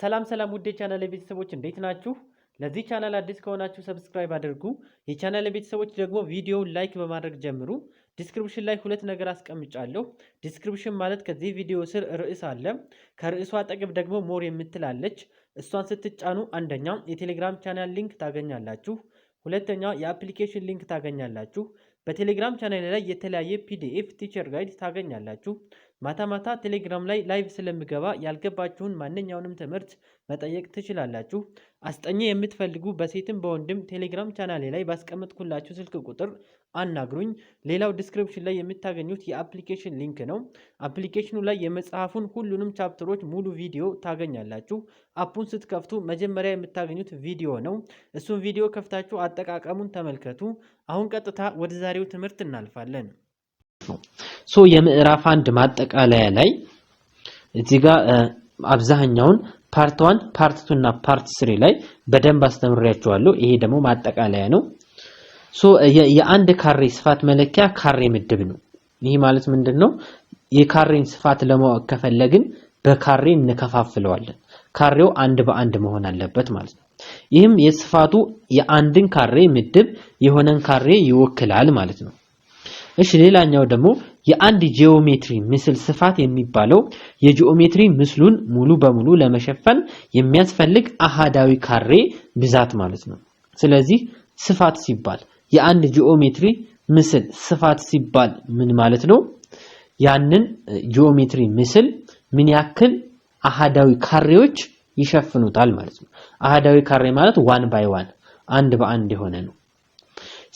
ሰላም ሰላም ውዴ ቻናል ቤተሰቦች እንዴት ናችሁ? ለዚህ ቻናል አዲስ ከሆናችሁ ሰብስክራይብ አድርጉ። የቻናል ቤተሰቦች ደግሞ ቪዲዮውን ላይክ በማድረግ ጀምሩ። ዲስክሪፕሽን ላይ ሁለት ነገር አስቀምጫለሁ። ዲስክሪፕሽን ማለት ከዚህ ቪዲዮ ስር ርዕስ አለ። ከርዕሱ አጠገብ ደግሞ ሞር የምትላለች። እሷን ስትጫኑ አንደኛ የቴሌግራም ቻናል ሊንክ ታገኛላችሁ፣ ሁለተኛ የአፕሊኬሽን ሊንክ ታገኛላችሁ። በቴሌግራም ቻናል ላይ የተለያየ ፒዲኤፍ ቲቸር ጋይድ ታገኛላችሁ። ማታ ማታ ቴሌግራም ላይ ላይቭ ስለምገባ ያልገባችሁን ማንኛውንም ትምህርት መጠየቅ ትችላላችሁ። አስጠኚ የምትፈልጉ በሴትም በወንድም ቴሌግራም ቻናሌ ላይ ባስቀመጥኩላችሁ ስልክ ቁጥር አናግሩኝ። ሌላው ዲስክሪፕሽን ላይ የምታገኙት የአፕሊኬሽን ሊንክ ነው። አፕሊኬሽኑ ላይ የመጽሐፉን ሁሉንም ቻፕተሮች ሙሉ ቪዲዮ ታገኛላችሁ። አፑን ስትከፍቱ መጀመሪያ የምታገኙት ቪዲዮ ነው። እሱን ቪዲዮ ከፍታችሁ አጠቃቀሙን ተመልከቱ። አሁን ቀጥታ ወደ ዛሬው ትምህርት እናልፋለን። ነው። ሶ የምዕራፍ አንድ ማጠቃለያ ላይ እዚህ ጋር አብዛኛውን ፓርት ዋን ፓርት ቱ እና ፓርት ስሪ ላይ በደንብ አስተምሬያቸዋለሁ። ይሄ ደግሞ ማጠቃለያ ነው። ሶ የአንድ ካሬ ስፋት መለኪያ ካሬ ምድብ ነው። ይህ ማለት ምንድን ነው? የካሬን ስፋት ለማወቅ ከፈለግን በካሬ እንከፋፍለዋለን። ካሬው አንድ በአንድ መሆን አለበት ማለት ነው። ይህም የስፋቱ የአንድን ካሬ ምድብ የሆነን ካሬ ይወክላል ማለት ነው። እሺ ሌላኛው ደግሞ የአንድ ጂኦሜትሪ ምስል ስፋት የሚባለው የጂኦሜትሪ ምስሉን ሙሉ በሙሉ ለመሸፈን የሚያስፈልግ አሃዳዊ ካሬ ብዛት ማለት ነው። ስለዚህ ስፋት ሲባል የአንድ ጂኦሜትሪ ምስል ስፋት ሲባል ምን ማለት ነው? ያንን ጂኦሜትሪ ምስል ምን ያክል አሃዳዊ ካሬዎች ይሸፍኑታል ማለት ነው። አሃዳዊ ካሬ ማለት ዋን ባይ ዋን አንድ በአንድ የሆነ ነው።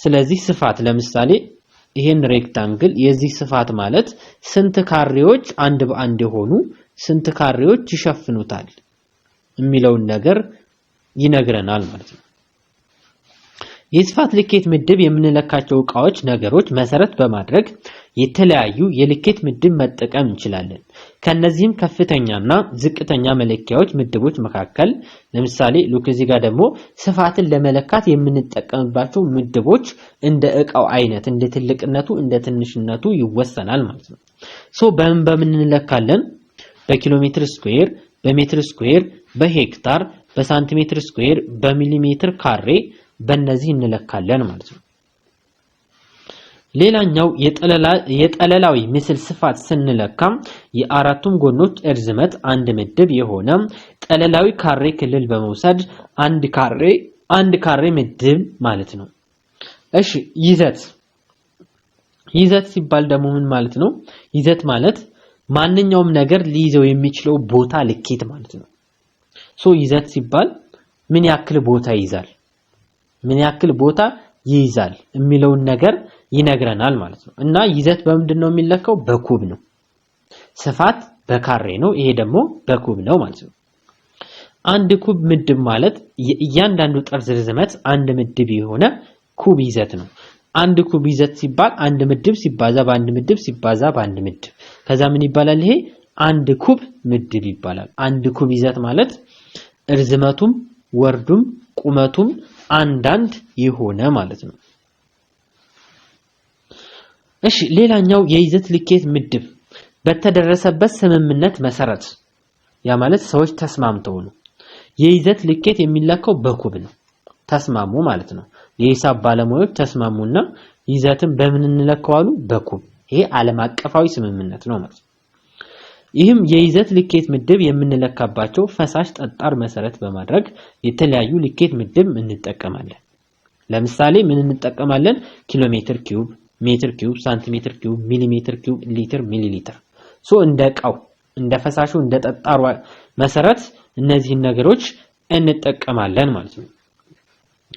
ስለዚህ ስፋት ለምሳሌ ይሄን ሬክታንግል የዚህ ስፋት ማለት ስንት ካሬዎች አንድ በአንድ የሆኑ ስንት ካሬዎች ይሸፍኑታል የሚለውን ነገር ይነግረናል ማለት ነው። የስፋት ልኬት ምድብ የምንለካቸው እቃዎች ነገሮች መሰረት በማድረግ የተለያዩ የልኬት ምድብ መጠቀም እንችላለን። ከነዚህም ከፍተኛና ዝቅተኛ መለኪያዎች ምድቦች መካከል ለምሳሌ ሉክ እዚህ ጋር ደግሞ ስፋትን ለመለካት የምንጠቀምባቸው ምድቦች እንደ እቃው አይነት እንደ ትልቅነቱ እንደ ትንሽነቱ ይወሰናል ማለት ነው። ሶ በምን በምን እንለካለን? በኪሎ ሜትር ስኩዌር፣ በሜትር ስኩዌር፣ በሄክታር፣ በሳንቲሜትር ስኩዌር፣ በሚሊሜትር ካሬ በእነዚህ እንለካለን ማለት ነው። ሌላኛው የጠለላዊ ምስል ስፋት ስንለካም የአራቱም ጎኖች እርዝመት አንድ ምድብ የሆነ ጠለላዊ ካሬ ክልል በመውሰድ አንድ ካሬ አንድ ካሬ ምድብ ማለት ነው። እሺ ይዘት ይዘት ሲባል ደግሞ ምን ማለት ነው? ይዘት ማለት ማንኛውም ነገር ሊይዘው የሚችለው ቦታ ልኬት ማለት ነው። ሶ ይዘት ሲባል ምን ያክል ቦታ ይይዛል፣ ምን ያክል ቦታ ይይዛል የሚለውን ነገር ይነግረናል ማለት ነው። እና ይዘት በምንድን ነው የሚለካው? በኩብ ነው። ስፋት በካሬ ነው። ይሄ ደግሞ በኩብ ነው ማለት ነው። አንድ ኩብ ምድብ ማለት የእያንዳንዱ ጠርዝ ርዝመት አንድ ምድብ የሆነ ኩብ ይዘት ነው። አንድ ኩብ ይዘት ሲባል አንድ ምድብ ሲባዛ በአንድ ምድብ ሲባዛ በአንድ ምድብ ከዛ ምን ይባላል? ይሄ አንድ ኩብ ምድብ ይባላል። አንድ ኩብ ይዘት ማለት እርዝመቱም ወርዱም ቁመቱም አንዳንድ የሆነ ማለት ነው። እሺ ሌላኛው የይዘት ልኬት ምድብ በተደረሰበት ስምምነት መሰረት ያ ማለት ሰዎች ተስማምተው ነው። የይዘት ልኬት የሚላከው በኩብ ነው። ተስማሙ ማለት ነው። የሂሳብ ባለሙያዎች ተስማሙና ይዘትን በምን እንለከዋሉ? በኩብ። ይሄ ዓለም አቀፋዊ ስምምነት ነው ማለት ይህም የይዘት ልኬት ምድብ የምንለካባቸው ፈሳሽ፣ ጠጣር መሰረት በማድረግ የተለያዩ ልኬት ምድብ እንጠቀማለን። ለምሳሌ ምን እንጠቀማለን? ኪሎ ሜትር ኪዩብ ሜትር ኪዩብ፣ ሳንቲሜትር ኪዩብ፣ ሚሊሜትር ኪዩብ፣ ሊትር፣ ሚሊሊትር ሊትር ሶ እንደ እቃው እንደ ፈሳሹ እንደ ጠጣሩ መሰረት እነዚህን ነገሮች እንጠቀማለን ማለት ነው።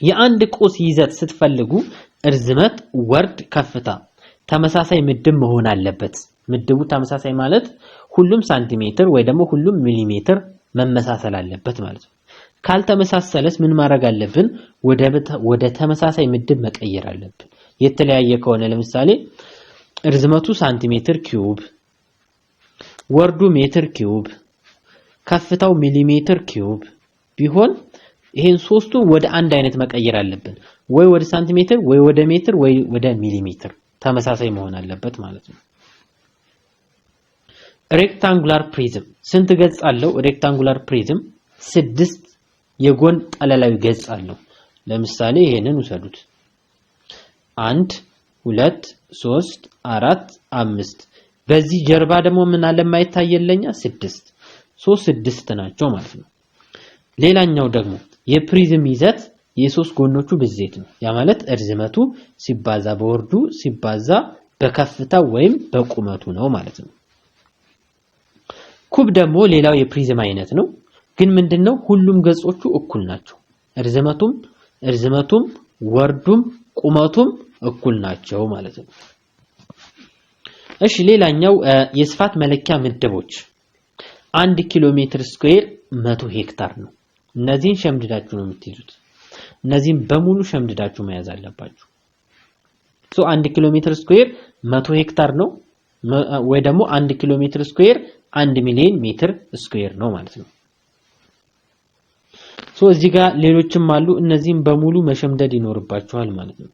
የአንድ ቁስ ይዘት ስትፈልጉ እርዝመት፣ ወርድ፣ ከፍታ ተመሳሳይ ምድብ መሆን አለበት። ምድቡ ተመሳሳይ ማለት ሁሉም ሳንቲሜትር ወይ ደግሞ ሁሉም ሚሊሜትር መመሳሰል አለበት ማለት ነው። ካልተመሳሰለስ ምን ማድረግ አለብን? ወደ ተመሳሳይ ምድብ መቀየር አለብን። የተለያየ ከሆነ ለምሳሌ እርዝመቱ ሳንቲሜትር ኪዩብ፣ ወርዱ ሜትር ኪዩብ፣ ከፍታው ሚሊሜትር ኪዩብ ቢሆን ይሄን ሶስቱ ወደ አንድ አይነት መቀየር አለብን። ወይ ወደ ሳንቲሜትር፣ ወይ ወደ ሜትር፣ ወይ ወደ ሚሊሜትር ተመሳሳይ መሆን አለበት ማለት ነው። ሬክታንጉላር ፕሪዝም ስንት ገጽ አለው? ሬክታንጉላር ፕሪዝም ስድስት የጎን ጠለላዊ ገጽ አለው። ለምሳሌ ይሄንን ውሰዱት። አንድ ሁለት ሶስት አራት አምስት በዚህ ጀርባ ደግሞ ምን አለ የማይታየለኛ ስድስት ሶስት ስድስት ናቸው ማለት ነው። ሌላኛው ደግሞ የፕሪዝም ይዘት የሶስት ጎኖቹ ብዜት ነው። ያ ማለት እርዝመቱ ሲባዛ በወርዱ ሲባዛ በከፍታ ወይም በቁመቱ ነው ማለት ነው። ኩብ ደግሞ ሌላው የፕሪዝም አይነት ነው። ግን ምንድነው ሁሉም ገጾቹ እኩል ናቸው። እርዝመቱም እርዝመቱም ወርዱም ቁመቱም እኩል ናቸው ማለት ነው። እሺ ሌላኛው የስፋት መለኪያ ምድቦች አንድ ኪሎ ሜትር ስኩዌር መቶ ሄክታር ነው። እነዚህን ሸምድዳችሁ ነው የምትይዙት። እነዚህን በሙሉ ሸምድዳችሁ መያዝ አለባችሁ። ሶ አንድ ኪሎ ሜትር ስኩዌር መቶ ሄክታር ነው ወይ ደግሞ አንድ ኪሎ ሜትር ስኩዌር አንድ ሚሊዮን ሜትር ስኩዌር ነው ማለት ነው። ሶ እዚህ ጋር ሌሎችም አሉ። እነዚህም በሙሉ መሸምደድ ይኖርባችኋል ማለት ነው።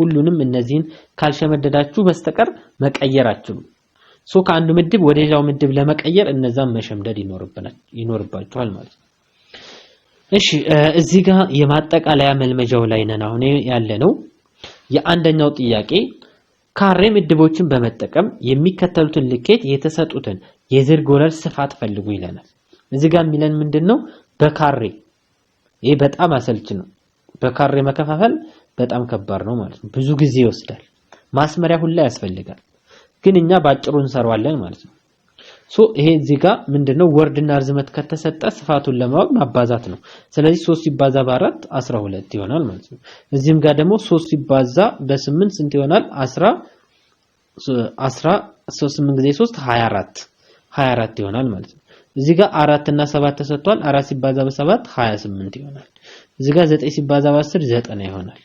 ሁሉንም እነዚህን ካልሸመደዳችሁ በስተቀር መቀየር አትችሉም። ሶ ከአንዱ ምድብ ወደ ሌላው ምድብ ለመቀየር እነዛን መሸምደድ ይኖርባችኋል ማለት ነው። እሺ እዚህ ጋር የማጠቃለያ መልመጃው ላይ ነን አሁን ያለ ነው። የአንደኛው ጥያቄ ካሬ ምድቦችን በመጠቀም የሚከተሉትን ልኬት የተሰጡትን የዝርግ ወለል ስፋት ፈልጉ ይለናል። እዚህ ጋር የሚለን ምንድን ነው? በካሬ ይህ በጣም አሰልች ነው። በካሬ መከፋፈል በጣም ከባድ ነው ማለት ነው። ብዙ ጊዜ ይወስዳል። ማስመሪያ ሁላ ያስፈልጋል። ግን እኛ ባጭሩ እንሰራዋለን ማለት ነው። ሶ ይሄ እዚህ ጋር ምንድነው ወርድና ርዝመት ከተሰጠ ስፋቱን ለማወቅ ማባዛት ነው። ስለዚህ 3 ሲባዛ በ4 12 ይሆናል ማለት ነው። እዚህም ጋር ደግሞ 3 ሲባዛ በ8 ስንት ይሆናል? 10 10 8 ጊዜ 3 24 24 ይሆናል ማለት ነው። እዚህ ጋር 4 እና 7 ተሰጥቷል። 4 ሲባዛ በ7 28 ይሆናል። እዚ ጋ 9 ሲባዛ በ10 ዘጠና ይሆናል።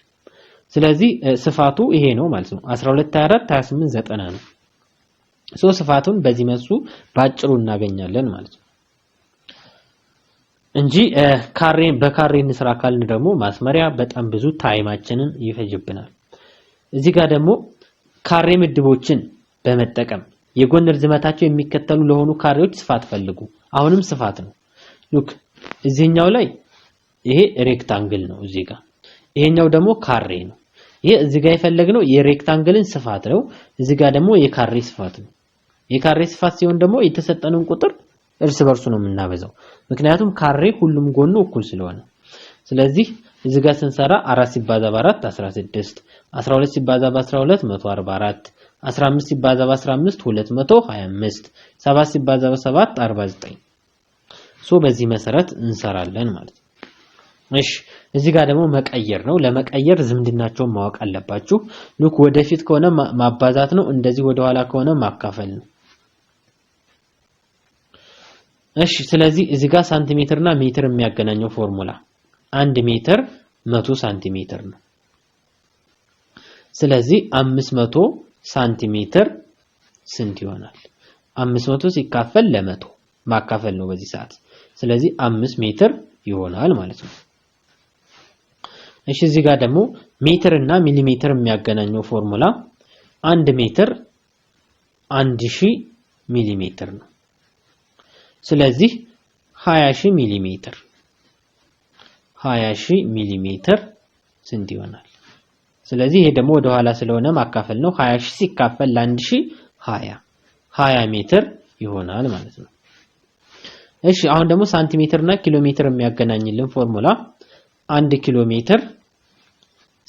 ስለዚህ ስፋቱ ይሄ ነው ማለት ነው። 12 24 28 ዘጠና ነው። ሶ ስፋቱን በዚህ መልኩ ባጭሩ እናገኛለን ማለት ነው እንጂ ካሬ በካሬ እንስራ ካልን ደግሞ ማስመሪያ በጣም ብዙ ታይማችንን ይፈጅብናል። እዚህ ጋር ደግሞ ካሬ ምድቦችን በመጠቀም የጎን ርዝመታቸው የሚከተሉ ለሆኑ ካሬዎች ስፋት ፈልጉ። አሁንም ስፋት ነው። ሉክ እዚህኛው ላይ ይሄ ሬክታንግል ነው እዚህ ጋር። ይሄኛው ደግሞ ካሬ ነው። ይሄ እዚህ ጋር የፈለግነው የሬክታንግልን ስፋት ነው። እዚህ ጋር ደግሞ የካሬ ስፋት ነው። የካሬ ስፋት ሲሆን ደግሞ የተሰጠንን ቁጥር እርስ በርሱ ነው የምናበዛው፣ ምክንያቱም ካሬ ሁሉም ጎኑ እኩል ስለሆነ። ስለዚህ እዚህ ጋር ስንሰራ 4 ሲባዛ በ4 16፣ 12 ሲባዛ በ12 144፣ 15 ሲባዛ በ15 225፣ 7 ሲባዛ በ7 49። ሶ በዚህ መሰረት እንሰራለን ማለት ነው። እሺ እዚህ ጋር ደግሞ መቀየር ነው። ለመቀየር ዝምድናቸውን ማወቅ አለባችሁ። ሉክ ወደፊት ከሆነ ማባዛት ነው። እንደዚህ ወደኋላ ከሆነ ማካፈል ነው። እሺ ስለዚህ እዚህ ጋር ሳንቲሜትር እና ሜትር የሚያገናኘው ፎርሙላ አንድ ሜትር መቶ ሳንቲሜትር ነው። ስለዚህ አምስት መቶ ሳንቲሜትር ስንት ይሆናል? አምስት መቶ ሲካፈል ለመቶ ማካፈል ነው በዚህ ሰዓት። ስለዚህ አምስት ሜትር ይሆናል ማለት ነው። እሺ እዚህ ጋር ደግሞ ሜትር እና ሚሊሜትር የሚያገናኘው ፎርሙላ አንድ ሜትር አንድ ሺህ ሚሊሜትር ነው። ስለዚህ 20 ሺህ ሚሊሜትር 20 ሺህ ሚሊሜትር ስንት ይሆናል? ስለዚህ ይሄ ደግሞ ወደ ኋላ ስለሆነ ማካፈል ነው። 20 ሺህ ሲካፈል ለ ሺህ 20 20 ሜትር ይሆናል ማለት ነው። እሺ አሁን ደግሞ ሳንቲሜትር እና ኪሎ ሜትር የሚያገናኝልን ፎርሙላ አንድ ኪሎ ሜትር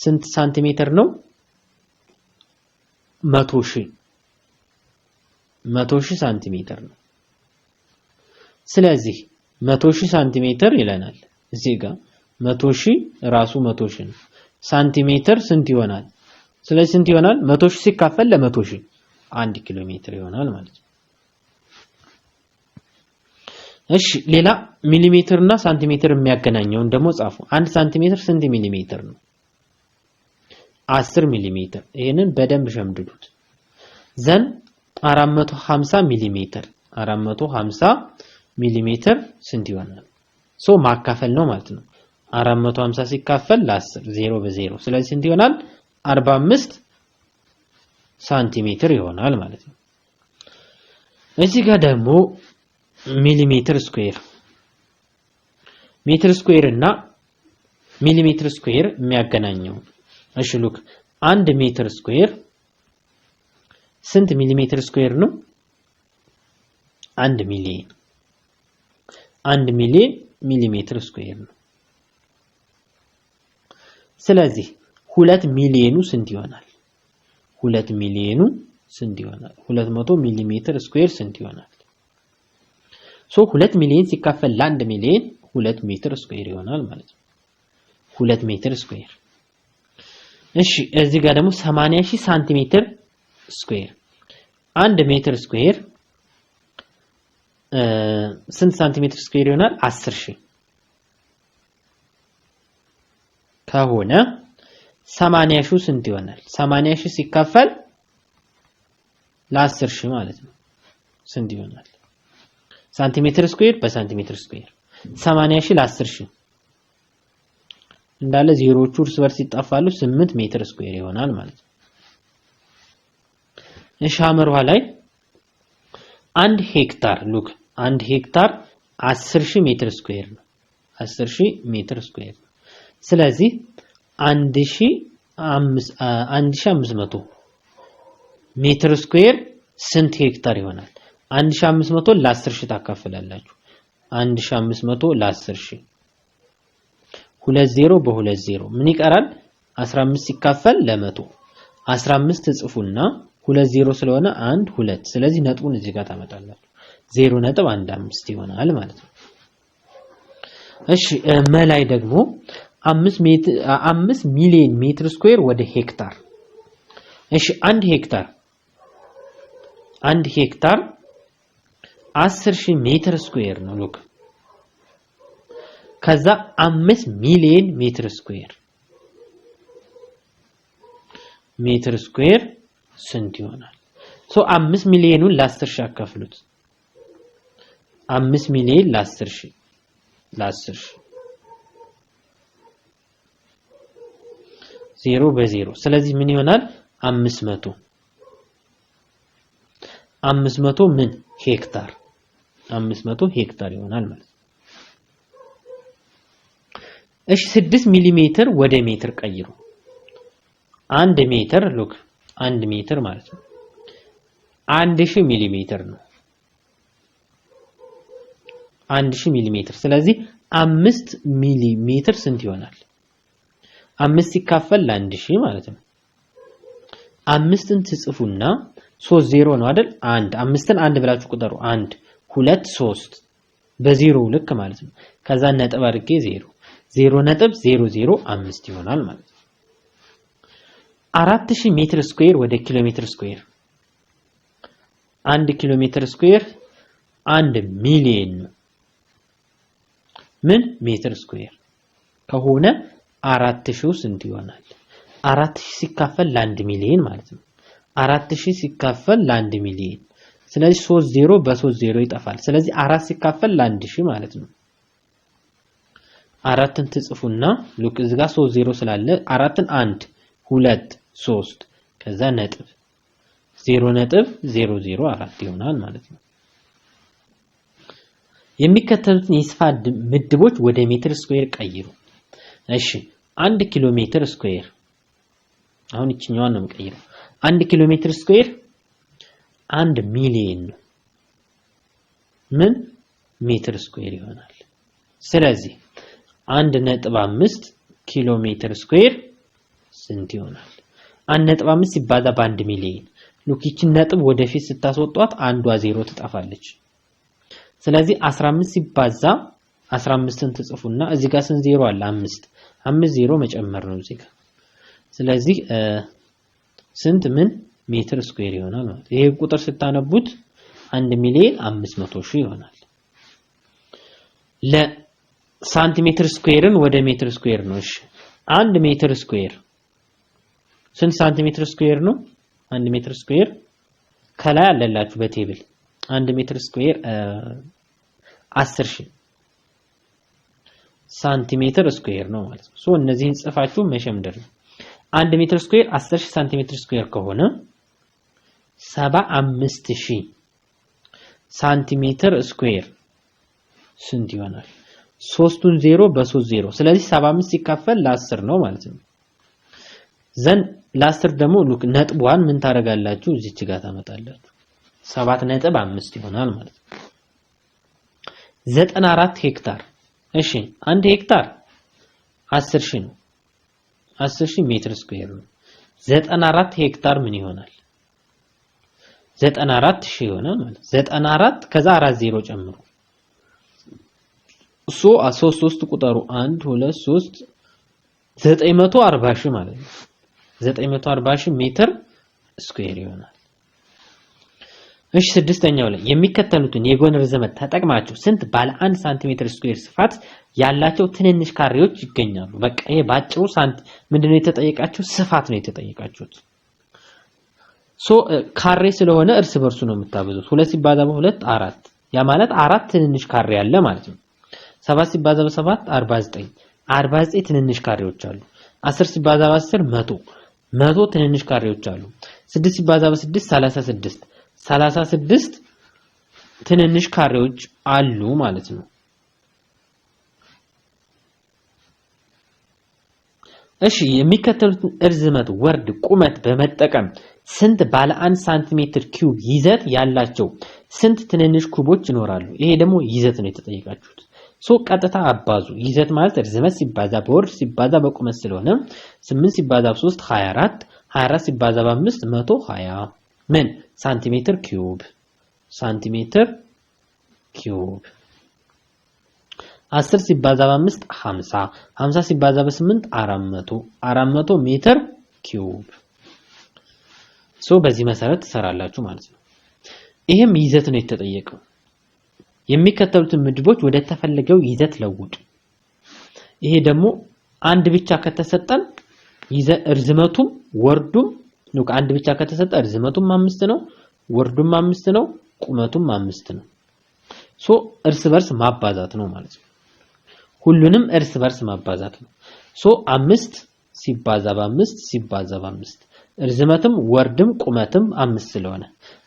ስንት ሳንቲሜትር ነው? መቶ ሺ መቶ ሺ ሳንቲሜትር ነው። ስለዚህ መቶ ሺ ሳንቲሜትር ይለናል። እዚህ ጋር መቶ ሺ ራሱ መቶ ሺ ነው። ሳንቲሜትር ስንት ይሆናል? ስለዚህ ስንት ይሆናል? መቶ ሺ ሲካፈል ለመቶ ሺ አንድ ኪሎ ሜትር ይሆናል ማለት ነው። እሺ ሌላ ሚሊሜትር እና ሳንቲሜትር የሚያገናኘውን ደግሞ ጻፉ። አንድ ሳንቲሜትር ስንት ሚሊሜትር ነው? አስር ሚሊሜትር። ይህንን በደንብ ሸምድዱት። ዘን 450 ሚሊሜትር 450 ሚሊሜትር ስንት ይሆናል? ሶ ማካፈል ነው ማለት ነው። 450 ሲካፈል ለ10 በ0 ስለዚህ ስንት ይሆናል? 45 ሳንቲሜትር ይሆናል ማለት ነው። እዚህ ጋር ደግሞ ሚሊሜትር ስኩዌር ሜትር ስኩዌር እና ሚሊሜትር ስኩዌር የሚያገናኘው እሺ ሉክ አንድ ሜትር ስኩዌር ስንት ሚሊሜትር ስኩዌር ነው? አንድ ሚሊዮን አንድ ሚሊዮን ሚሊሜትር ስኩዌር ነው። ስለዚህ ሁለት ሚሊዮኑ ስንት ይሆናል? ሁለት ሚሊዮኑ ስንት ይሆናል? ሁለት መቶ ሚሊሜትር ስኩዌር ስንት ይሆናል? ሶ ሁለት ሚሊዮን ሲካፈል ለአንድ ሚሊዮን ሁለት ሜትር ስኩዌር ይሆናል ማለት ነው። ሁለት ሜትር ስኩዌር። እሺ እዚህ ጋር ደግሞ 80 ሺህ ሳንቲሜትር ስኩዌር። አንድ ሜትር ስኩዌር ስንት ሳንቲሜትር ስኩዌር ይሆናል? 10 ሺህ ከሆነ 80 ሺህ ስንት ይሆናል? 80 ሺህ ሲካፈል ለ10 ሺህ ማለት ነው። ስንት ይሆናል? ሳንቲሜትር ስኩዌር በሳንቲሜትር ስኩዌር 80 ሺ ለ10 ሺ እንዳለ ዜሮዎቹ እርስ በርስ ይጣፋሉ 8 ሜትር ስኩዌር ይሆናል ማለት ነው። እሺ ሀመርኋ ላይ አንድ ሄክታር ሉክ አንድ ሄክታር 10 ሺ ሜትር ስኩዌር ነው። 10 ሺ ሜትር ስኩዌር ነው። ስለዚህ 1500 ሜትር ስኩዌር ስንት ሄክታር ይሆናል? አንድ ሺህ አምስት መቶ ለአስር ሺህ ታካፍላላችሁ። አንድ ሺህ አምስት መቶ ለአስር ሺህ ሁለት ዜሮ በሁለት ዜሮ ምን ይቀራል? አስራ አምስት ሲካፈል ለመቶ አስራ አምስት ጽፉና ሁለት ዜሮ ስለሆነ አንድ ሁለት። ስለዚህ ነጥቡን እዚህ ጋር ታመጣላችሁ። ዜሮ ነጥብ አንድ አምስት ይሆናል ማለት ነው። እሺ መላይ ደግሞ አምስት ሚሊዮን ሜትር ስኩዌር ወደ ሄክታር። እሺ አንድ ሄክታር አንድ ሄክታር አስር ሺህ ሜትር ስኩዌር ነው ሉክ ከዛ አምስት ሚሊዮን ሜትር ስኩዌር ሜትር ስኩዌር ስንት ይሆናል? ሶ አምስት ሚሊዮኑን ለአስር ሺህ አካፍሉት። አምስት ሚሊዮን ለአስር ሺህ ለአስር ሺህ ዜሮ በዜሮ ስለዚህ ምን ይሆናል? አምስት መቶ አምስት መቶ ምን ሄክታር አምስት መቶ ሄክታር ይሆናል ማለት ነው። እሺ ስድስት ሚሊ ሜትር ወደ ሜትር ቀይሩ። አንድ ሜትር ሉክ አንድ ሜትር ማለት ነው አንድ ሺህ ሚሊ ሜትር ነው። አንድ ሺህ ስለዚህ አምስት ሚሊ ሜትር ስንት ይሆናል? አምስት ሲካፈል ለአንድ ሺህ ማለት ነው። አምስትን ትጽፉና ሶስት ዜሮ ነው አይደል? አንድ አምስትን አንድ ብላችሁ ቁጠሩ። አንድ ሁለት ሶስት በዜሮ ልክ ማለት ነው። ከዛ ነጥብ አድርጌ ዜሮ ዜሮ ነጥብ ዜሮ ዜሮ አምስት ይሆናል ማለት ነው። አራት ሺህ ሜትር ስኩዌር ወደ ኪሎ ሜትር ስኩዌር አንድ ኪሎ ሜትር ስኩዌር አንድ ሚሊየን ነው። ምን ሜትር ስኩዌር ከሆነ አራት ሺህ ስንት ይሆናል? አራት ሺህ ሲካፈል ለአንድ ሚሊየን ማለት ነው። አራት ሺህ ሲካፈል ለአንድ ሚሊየን ስለዚህ 0 በ 3 0 ይጠፋል። ስለዚህ አራት ሲካፈል ለአንድ ሺህ ማለት ነው። አራትን ትጽፉና ሉክ እዚህ ጋር 3 0 ስላለ አራትን አንድ ሁለት ሶስት ከዛ ነጥብ 0 ነጥብ 0 0 አራት ይሆናል ማለት ነው። የሚከተሉትን የስፋት ምድቦች ወደ ሜትር ስኩዌር ቀይሩ። እሺ አንድ ኪሎ ሜትር ስኩዌር አሁን ይችኛዋን ነው የምቀይረው። አንድ ኪሎ ሜትር ስኩዌር አንድ ሚሊዮን ነው። ምን ሜትር ስኩዌር ይሆናል። ስለዚህ አንድ ነጥብ አምስት ኪሎ ሜትር ስኩዌር ስንት ይሆናል? አንድ ነጥብ አምስት ሲባዛ በአንድ ሚሊዮን ሉኪችን ነጥብ ወደፊት ስታስወጧት አንዷ ዜሮ ትጠፋለች። ስለዚህ 15 ሲባዛ 15ን ትጽፉና እዚህ ጋር ስንት ዜሮ አለ? አምስት አምስት ዜሮ መጨመር ነው እዚህ ጋር። ስለዚህ ስንት ምን ሜትር ስኩዌር ይሆናል ማለት ይሄ ቁጥር ስታነቡት አንድ ሚሊዮን 500 ሺህ ይሆናል። ለሳንቲሜትር ስኩዌርን ወደ ሜትር ስኩዌር ነው። እሺ 1 ሜትር ስኩዌር ስንት ሳንቲሜትር ስኩዌር ነው? 1 ሜትር ስኩዌር ከላይ አለላችሁ በቴብል 1 ሜትር ስኩዌር 10 ሺህ ሳንቲሜትር ስኩዌር ነው ማለት ነው። እነዚህን ጽፋችሁ መሸምደር ነው። አንድ ሜትር ስኩዌር 10 ሳንቲሜትር ስኩዌር ከሆነ ሰባ አምስት ሺህ ሳንቲሜትር ስኩዌር ስንት ይሆናል? ሶስቱን ዜሮ በሶስት ዜሮ። ስለዚህ 75 ሲካፈል ለአስር ነው ማለት ነው። ዘን ለአስር ደግሞ ሉክ ነጥቧን ምን ታደርጋላችሁ? እዚች ጋር ታመጣላችሁ። ሰባት ነጥብ አምስት ይሆናል ማለት ነው። 94 ሄክታር። እሺ አንድ ሄክታር 10 ነው። 10 ሺህ ሜትር ስኩዌር ነው። 94 ሄክታር ምን ይሆናል? ዘጠና አራት ሺ የሆነ ማለት ዘጠና አራት ከዛ አራት ዜሮ ጨምሩ። ሶ ሶስት ሶስት ቁጠሩ አንድ ሁለት ሶስት ዘጠኝ መቶ አርባ ሺ ማለት ነው። ዘጠኝ መቶ አርባ ሺ ሜትር ስኩዌር ይሆናል። እሺ ስድስተኛው ላይ የሚከተሉትን የጎን ርዝመት ተጠቅማችሁ ስንት ባለ አንድ ሳንቲሜትር ስኩዌር ስፋት ያላቸው ትንንሽ ካሬዎች ይገኛሉ። በቃ ይሄ ባጭሩ ሳንቲ ምንድነው የተጠየቃችሁ? ስፋት ነው የተጠየቃችሁት። ካሬ ስለሆነ እርስ በርሱ ነው የምታበዙት። ሁለት ሲባዛ በሁለት አራት፣ ያ ማለት አራት ትንንሽ ካሬ አለ ማለት ነው። ሰባት ሲባዛ በሰባት 49፣ 49 ትንንሽ ካሬዎች አሉ። አስር ሲባዛ በአስር መቶ፣ መቶ ትንንሽ ካሬዎች አሉ። ስድስት ሲባዛ በስድስት 36፣ 36 ትንንሽ ካሬዎች አሉ ማለት ነው። እሺ የሚከተሉትን እርዝመት፣ ወርድ፣ ቁመት በመጠቀም ስንት ባለ 1 ሳንቲሜትር ኪዩብ ይዘት ያላቸው ስንት ትንንሽ ኩቦች ይኖራሉ? ይሄ ደግሞ ይዘት ነው የተጠየቃችሁት። ሶ ቀጥታ አባዙ። ይዘት ማለት ርዝመት ሲባዛ በወርድ ሲባዛ በቁመት ስለሆነ 8 ሲባዛ በ3 24፣ 24 ሲባዛ በ5 120 ምን ሳንቲሜትር ኪዩብ ሳንቲሜትር ኪዩብ 10 ሲባዛ በ5 50፣ 50 ሲባዛ በ8 400፣ 400 ሜትር ኪዩብ ሶ በዚህ መሰረት ትሰራላችሁ ማለት ነው። ይህም ይዘት ነው የተጠየቀው። የሚከተሉትን ምድቦች ወደ ተፈለገው ይዘት ለውጡ። ይሄ ደግሞ አንድ ብቻ ከተሰጠን እርዝመቱም ወርዱም አንድ ብቻ ከተሰጠ እርዝመቱም አምስት ነው፣ ወርዱም አምስት ነው፣ ቁመቱም አምስት ነው። ሶ እርስ በርስ ማባዛት ነው ማለት ነው። ሁሉንም እርስ በርስ ማባዛት ነው። ሶ አምስት ሲባዛ በአምስት ሲባዛ በአምስት ርዝመትም ወርድም ቁመትም አምስት ስለሆነ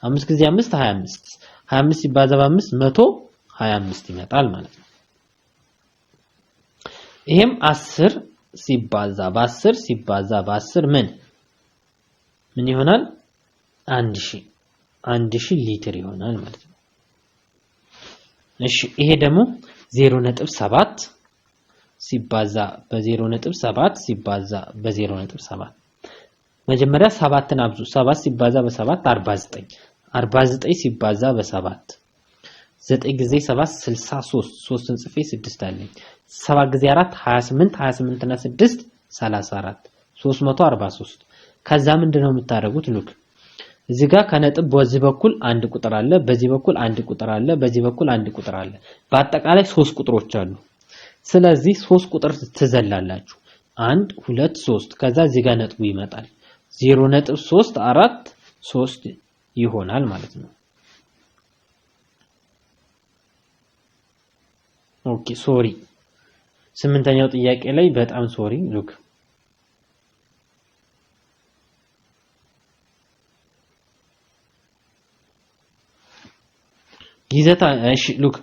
አምስት ጊዜ አምስት ሀያ አምስት ሀያ አምስት ሲባዛ በአምስት መቶ ሀያ አምስት ይመጣል ማለት ነው። ይሄም አስር ሲባዛ በአስር ሲባዛ በአስር ምን ምን ይሆናል? አንድ ሺህ አንድ ሊትር ይሆናል ማለት ነው። እሺ ይሄ ደግሞ ዜሮ ነጥብ ሰባት ሲባዛ በዜሮ ነጥብ ሰባት ሲባዛ በዜሮ ነጥብ ሰባት መጀመሪያ ሰባትን አብዙ። ሰባት ሲባዛ በሰባት አርባ ዘጠኝ አርባ ዘጠኝ ሲባዛ በሰባት ዘጠኝ ጊዜ ሰባት ስልሳ ሶስት ሶስትን ጽፌ ስድስት አለኝ። ሰባት ጊዜ አራት ሀያ ስምንት ሀያ ስምንት እና ስድስት ሰላሳ አራት ሶስት መቶ አርባ ሶስት ከዛ ምንድን ነው የምታደርጉት? ኑክ እዚህ ጋር ከነጥብ በዚህ በኩል አንድ ቁጥር አለ፣ በዚህ በኩል አንድ ቁጥር አለ፣ በዚህ በኩል አንድ ቁጥር አለ። በአጠቃላይ ሶስት ቁጥሮች አሉ። ስለዚህ ሶስት ቁጥር ትዘላላችሁ። አንድ ሁለት ሶስት። ከዛ እዚህ ጋር ነጥቡ ይመጣል። ዜሮ ይሆናል ማለት ነው። ኦኬ ሶሪ። ስምንተኛው ጥያቄ ላይ በጣም ሶሪ ሉክ ይዘታ እሺ ሉክ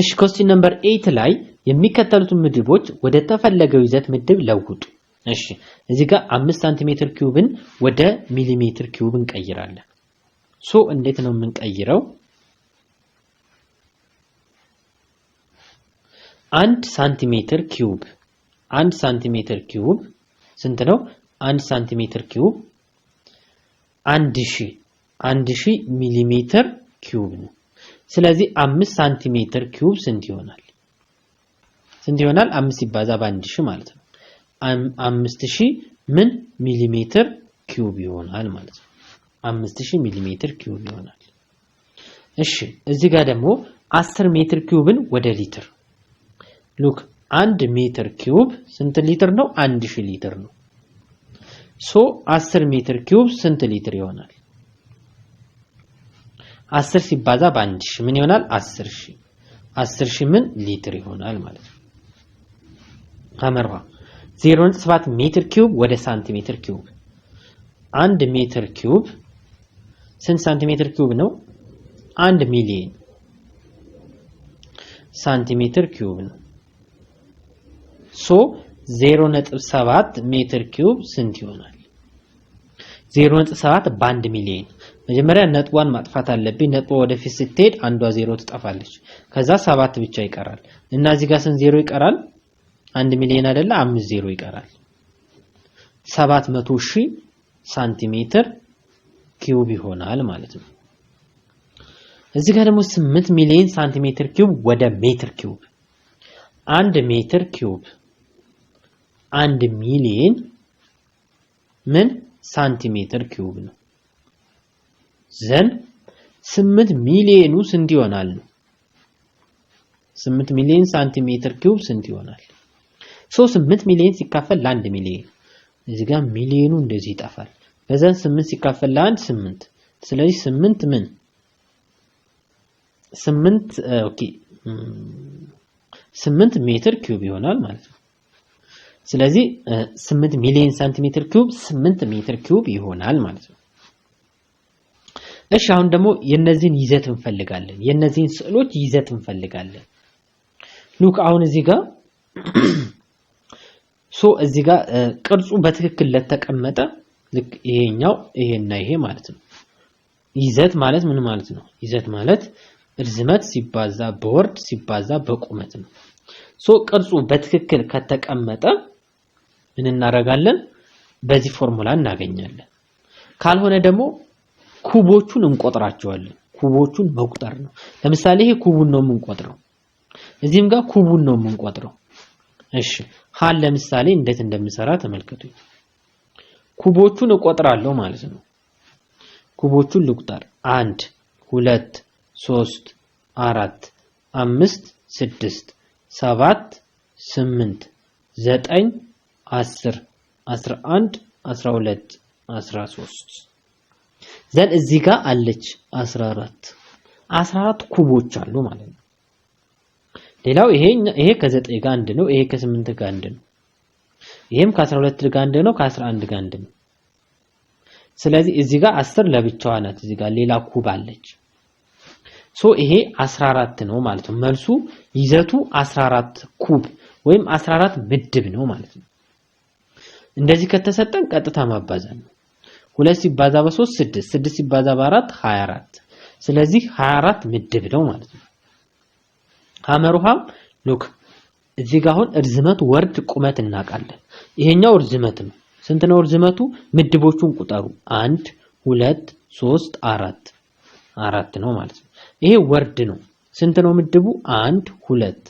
እሺ ኮስቲን ነምበር ኤይት ላይ የሚከተሉትን ምድቦች ወደ ተፈለገው ይዘት ምድብ ለውጡ። እሺ እዚህ ጋር አምስት ሳንቲሜትር ኪዩብን ወደ ሚሊሜትር ኪዩብ እንቀይራለን። ሶ እንዴት ነው የምንቀይረው? አንድ ሳንቲሜትር ኪዩብ አንድ ሳንቲሜትር ኪዩብ ስንት ነው? አንድ ሳንቲሜትር ኪዩብ አንድ ሺህ አንድ ሺህ ሚሊሜትር ኪዩብ ነው። ስለዚህ አምስት ሳንቲሜትር ኪዩብ ስንት ይሆናል? ስንት ይሆናል? አምስት ሲባዛ በአንድ ሺህ ማለት ነው። አምስት ሺህ ምን ሚሊሜትር ኪዩብ ይሆናል ማለት ነው። አምስት ሺህ ሚሊሜትር ኪዩብ ይሆናል። እሺ እዚህ ጋር ደግሞ አስር ሜትር ኪዩብን ወደ ሊትር ሉክ አንድ ሜትር ኪዩብ ስንት ሊትር ነው? አንድ ሺህ ሊትር ነው። ሶ አስር ሜትር ኪዩብ ስንት ሊትር ይሆናል? አስር ሲባዛ በአንድ ሺ ምን ይሆናል? አስር ሺ አስር ሺ ምን ሊትር ይሆናል ማለት ነው። አመርሃ 0.7 ሜትር ኪዩብ ወደ ሳንቲሜትር ኪዩብ አንድ ሜትር ኪዩብ ስንት ሳንቲሜትር ኪዩብ ነው? አንድ ሚሊዮን ሳንቲሜትር ኪዩብ ነው። ሶ 0.7 ሜትር ኪዩብ ስንት ይሆናል? 0.7 በአንድ ሚሊዮን መጀመሪያ ነጥቧን ማጥፋት አለብኝ። ነጥቧ ወደፊት ስትሄድ አንዷ ዜሮ ትጠፋለች። ከዛ ሰባት ብቻ ይቀራል እና እዚህ ጋር ስንት ዜሮ ይቀራል? አንድ ሚሊዮን አይደለ? አምስት ዜሮ ይቀራል። ሰባት መቶ ሺህ ሳንቲሜትር ኪዩብ ይሆናል ማለት ነው። እዚህ ጋር ደግሞ ስምንት ሚሊዮን ሳንቲሜትር ኪዩብ ወደ ሜትር ኪዩብ አንድ ሜትር ኪዩብ አንድ ሚሊዮን ምን ሳንቲሜትር ኪዩብ ነው። ዘን 8 ሚሊዮኑ ስንት ይሆናል? 8 ሚሊዮን ሳንቲሜትር ኪዩብ ስንት ይሆናል? ሰው 8 ሚሊዮን ሲካፈል ለአንድ ሚሊዮን እዚህ ጋር ሚሊዮኑ እንደዚህ ይጠፋል። በዛን 8 ሲካፈል ለአንድ ስምንት። ስለዚህ 8 ምን 8 ኦኬ 8 ሜትር ኪዩብ ይሆናል ማለት ነው። ስለዚህ 8 ሚሊዮን ሳንቲሜትር ኪዩብ 8 ሜትር ኪዩብ ይሆናል ማለት ነው። እሺ አሁን ደግሞ የነዚህን ይዘት እንፈልጋለን። የነዚህን ስዕሎች ይዘት እንፈልጋለን። ሉክ አሁን እዚህ ጋር ሶ እዚህ ጋር ቅርጹ በትክክል ለተቀመጠ ልክ ይሄኛው ይሄና ይሄ ማለት ነው። ይዘት ማለት ምን ማለት ነው? ይዘት ማለት እርዝመት ሲባዛ በወርድ ሲባዛ በቁመት ነው። ሶ ቅርጹ በትክክል ከተቀመጠ ምን እናደርጋለን? በዚህ ፎርሙላ እናገኛለን። ካልሆነ ደግሞ ኩቦቹን እንቆጥራቸዋለን። ኩቦቹን መቁጠር ነው። ለምሳሌ ይሄ ኩቡን ነው የምንቆጥረው። እዚህም ጋር ኩቡን ነው የምንቆጥረው። እሺ ሀል ለምሳሌ እንዴት እንደምሰራ ተመልከቱ ኩቦቹን እቆጥራለሁ ማለት ነው። ኩቦቹን ልቁጠር። አንድ፣ ሁለት፣ ሶስት፣ አራት፣ አምስት፣ ስድስት፣ ሰባት፣ ስምንት፣ ዘጠኝ፣ አስር፣ አስራ አንድ፣ አስራ ሁለት፣ አስራ ሶስት ዘን እዚህ ጋር አለች 14 14 ኩቦች አሉ ማለት ነው። ሌላው ይሄ ይሄ ከ9 ጋር አንድ ነው። ይሄ ከ8 ጋር አንድ ነው። ይሄም ከ12 ጋር አንድ ነው። ከ11 ጋር አንድ ነው። ስለዚህ እዚህ ጋር 10 ለብቻዋ ናት። እዚህ ጋር ሌላ ኩብ አለች። ሶ ይሄ 14 ነው ማለት ነው። መልሱ ይዘቱ 14 ኩብ ወይም 14 ምድብ ነው ማለት ነው። እንደዚህ ከተሰጠን ቀጥታ ማባዛት ነው። ሁለት ሲባዛ በሶስት ስድስት ስድስት ሲባዛ በአራት ሀያ አራት ስለዚህ ሀያ አራት ምድብ ነው ማለት ነው። ሀመሩሃም ሉክ እዚህ ጋር አሁን እርዝመት ወርድ ቁመት እናውቃለን። ይሄኛው እርዝመት ነው። ስንት ነው እርዝመቱ? ምድቦቹን ቁጠሩ። አንድ ሁለት ሶስት አራት አራት ነው ማለት ነው። ይሄ ወርድ ነው። ስንት ነው ምድቡ? አንድ ሁለት።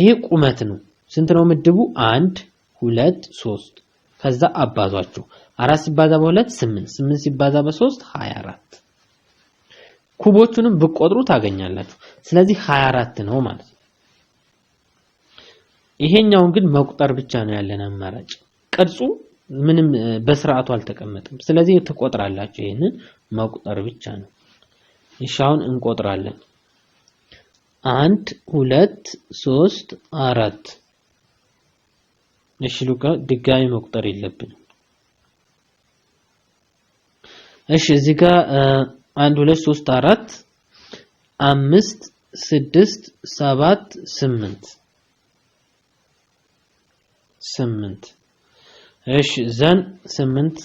ይሄ ቁመት ነው። ስንት ነው ምድቡ? አንድ ሁለት ሶስት። ከዛ አባዟቸው አራት ሲባዛ በሁለት ስምንት ስምንት ሲባዛ በሶስት ሀያ አራት ኩቦቹንም ብቆጥሩ ታገኛላችሁ። ስለዚህ ሀያ አራት ነው ማለት ነው። ይሄኛውን ግን መቁጠር ብቻ ነው ያለን አማራጭ። ቅርጹ ምንም በስርዓቱ አልተቀመጠም። ስለዚህ ትቆጥራላችሁ። ይሄንን መቁጠር ብቻ ነው። እሺ አሁን እንቆጥራለን። አንድ ሁለት ሶስት አራት። እሺ ሉካ ድጋሚ መቁጠር የለብንም። እሺ እዚህ ጋር አንድ ሁለት ሶስት አራት አምስት ስድስት ሰባት ስምንት ስምንት እሺ ዘን ስምንት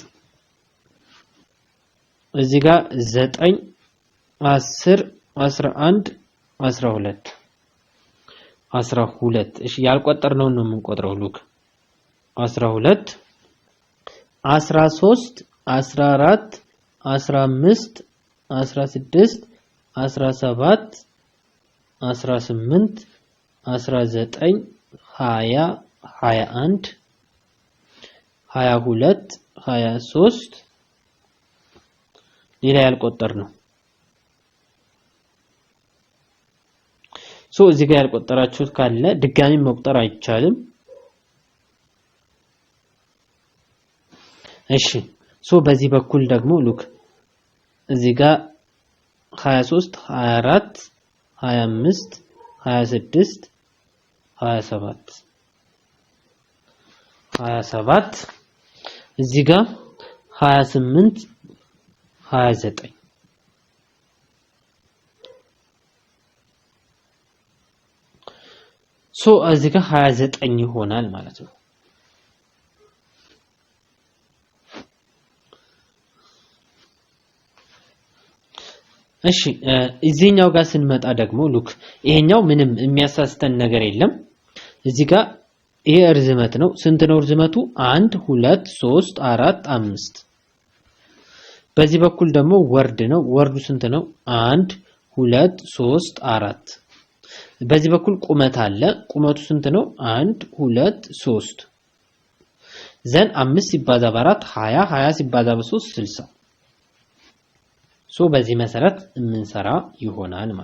እዚህ ጋር ዘጠኝ አስር አስራ አንድ አስራ ሁለት አስራ ሁለት እሺ ያልቆጠርነውን ነው የምንቆጥረው ሉክ አስራ ሁለት አስራ ሶስት አስራ አራት አስራ አምስት አስራ ስድስት አስራ ሰባት አስራ ስምንት አስራ ሶስት ሌላ ያልቆጠር ነው። ሶ እዚህ ጋር ያልቆጠራችሁት ካለ ድጋሚ መቁጠር አይቻልም። እሺ ሶ በዚህ በኩል ደግሞ ሉክ እዚህ 23 24 25 26 27 27 እዚህ 28 29 ሶ እዚህ ጋር 29 ይሆናል ማለት ነው። እሺ እዚህኛው ጋር ስንመጣ ደግሞ ሉክ ይሄኛው ምንም የሚያሳስተን ነገር የለም። እዚህ ጋር ይሄ እርዝመት ነው። ስንት ነው እርዝመቱ? አንድ ሁለት ሶስት አራት አምስት። በዚህ በኩል ደግሞ ወርድ ነው። ወርዱ ስንት ነው? አንድ ሁለት ሶስት አራት። በዚህ በኩል ቁመት አለ። ቁመቱ ስንት ነው? አንድ ሁለት ሶስት። ዘን አምስት ሲባዛ በአራት ሀያ ሀያ ሲባዛ በሶስት ስልሳ በዚህ መሰረት የምንሰራ ይሆናል ማለት